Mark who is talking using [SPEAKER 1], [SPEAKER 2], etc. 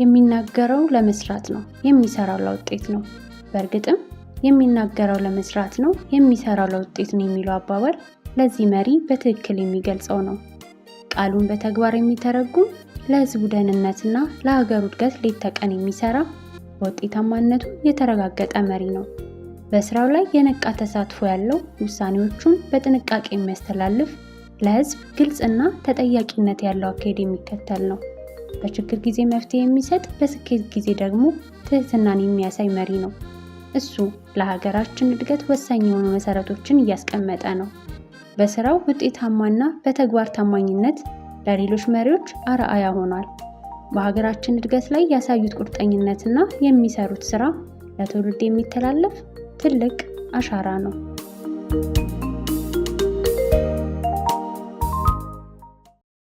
[SPEAKER 1] የሚናገረው ለመስራት ነው፣ የሚሰራው ለውጤት ነው። በእርግጥም የሚናገረው ለመስራት ነው፣ የሚሰራው ለውጤት ነው የሚለው አባባል ለዚህ መሪ በትክክል የሚገልጸው ነው። ቃሉን በተግባር የሚተረጉም ለህዝቡ ደህንነትና ለሀገሩ እድገት ሌት ተቀን የሚሰራ በውጤታማነቱ የተረጋገጠ መሪ ነው። በስራው ላይ የነቃ ተሳትፎ ያለው፣ ውሳኔዎቹን በጥንቃቄ የሚያስተላልፍ፣ ለህዝብ ግልጽና ተጠያቂነት ያለው አካሄድ የሚከተል ነው። በችግር ጊዜ መፍትሄ የሚሰጥ በስኬት ጊዜ ደግሞ ትህትናን የሚያሳይ መሪ ነው። እሱ ለሀገራችን እድገት ወሳኝ የሆኑ መሰረቶችን እያስቀመጠ ነው። በስራው ውጤታማና በተግባር ታማኝነት ለሌሎች መሪዎች አርአያ ሆኗል። በሀገራችን እድገት ላይ ያሳዩት ቁርጠኝነትና የሚሰሩት ስራ ለትውልድ የሚተላለፍ ትልቅ አሻራ ነው።